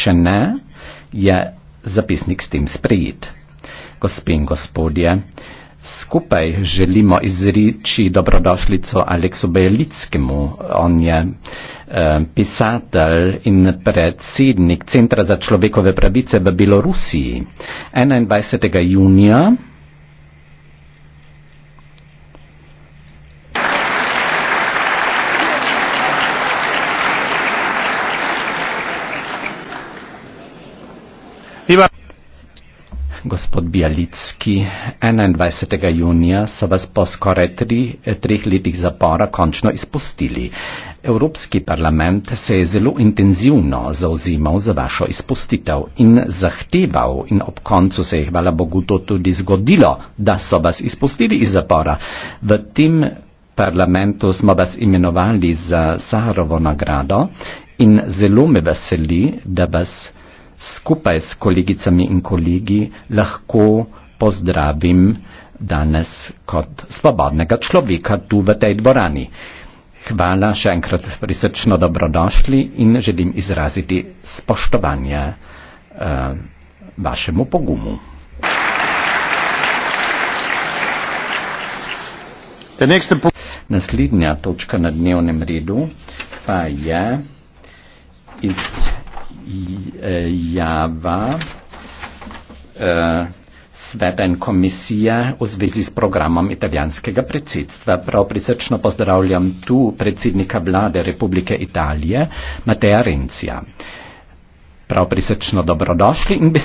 Če ne, je zapisnik s tem sprejet. Gospe in gospodje, skupaj želimo izreči dobrodošlico Aleksu Bejlickemu. On je eh, pisatelj in predsednik Centra za človekove pravice v Belorusiji. 21. junija Iva. Gospod Bialicki, 21. junija so vas po skoraj tri, treh letih zapora končno izpustili. Evropski parlament se je zelo intenzivno zauzimal za vašo izpustitev in zahteval in ob koncu se je, hvala Bogu, to tudi zgodilo, da so vas izpustili iz zapora. V tem parlamentu smo vas imenovali za Saharovo nagrado in zelo me veseli, da vas skupaj s kolegicami in kolegi lahko pozdravim danes kot svobodnega človeka tu v tej dvorani. Hvala še enkrat prisrčno dobrodošli in želim izraziti spoštovanje eh, vašemu pogumu. Naslednja točka na dnevnem redu pa je iz Java, eh, sveben komisija v zvezi s programom italijanskega predsedstva. Prav prisrčno pozdravljam tu predsednika vlade Republike Italije, Mateja Rencija. Prav prisrčno dobrodošli in besedili.